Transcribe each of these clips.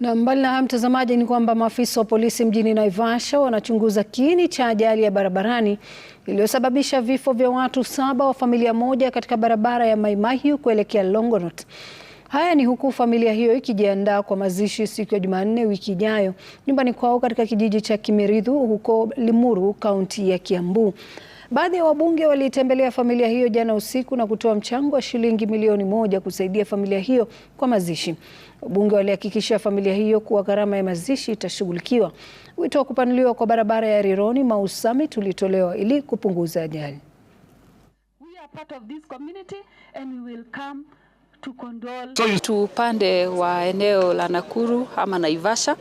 Na mbali na mtazamaji, ni kwamba maafisa wa polisi mjini Naivasha wanachunguza kiini cha ajali ya barabarani iliyosababisha vifo vya watu saba wa familia moja katika barabara ya Maimahiu kuelekea Longonot. Haya ni huku familia hiyo ikijiandaa kwa mazishi siku ya Jumanne wiki ijayo nyumbani kwao katika kijiji cha Kimeridhu huko Limuru, kaunti ya Kiambu. Baadhi ya wabunge waliitembelea familia hiyo jana usiku na kutoa mchango wa shilingi milioni moja kusaidia familia hiyo kwa mazishi. Wabunge walihakikisha familia hiyo kuwa gharama ya mazishi itashughulikiwa. Wito wa kupanuliwa kwa barabara ya Rironi Mau Summit ulitolewa ili kupunguza ajali. Tu upande wa eneo la Nakuru ama Naivasha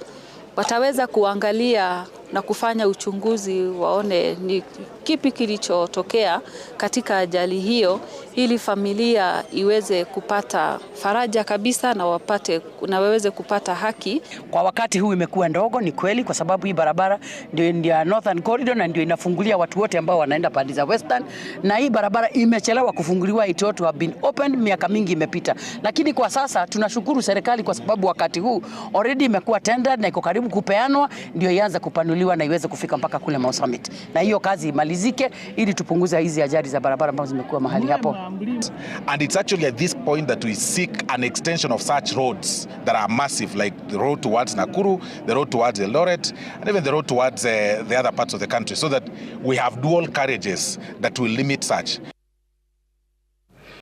wataweza kuangalia na kufanya uchunguzi waone ni kipi kilichotokea katika ajali hiyo, ili familia iweze kupata faraja kabisa na wapate na waweze kupata haki. Kwa wakati huu imekuwa ndogo, ni kweli, kwa sababu hii barabara ndio ndio Northern Corridor na ndio inafungulia watu wote ambao wanaenda pande za Western, na hii barabara imechelewa kufunguliwa, it ought to have been opened miaka mingi imepita, lakini kwa sasa tunashukuru serikali kwa sababu wakati huu already imekuwa tendered na iko karibu kupeanwa, ndio ianza kupanuliwa kufunguliwa na iweze kufika mpaka kule Mau Summit, na hiyo kazi imalizike ili tupunguze hizi ajali za barabara ambazo zimekuwa mahali hapo. And it's actually at this point that we seek an extension of such roads that are massive like the road towards Nakuru, the road towards Eldoret and even the road towards uh, the other parts of the country so that we have dual carriages that will limit such.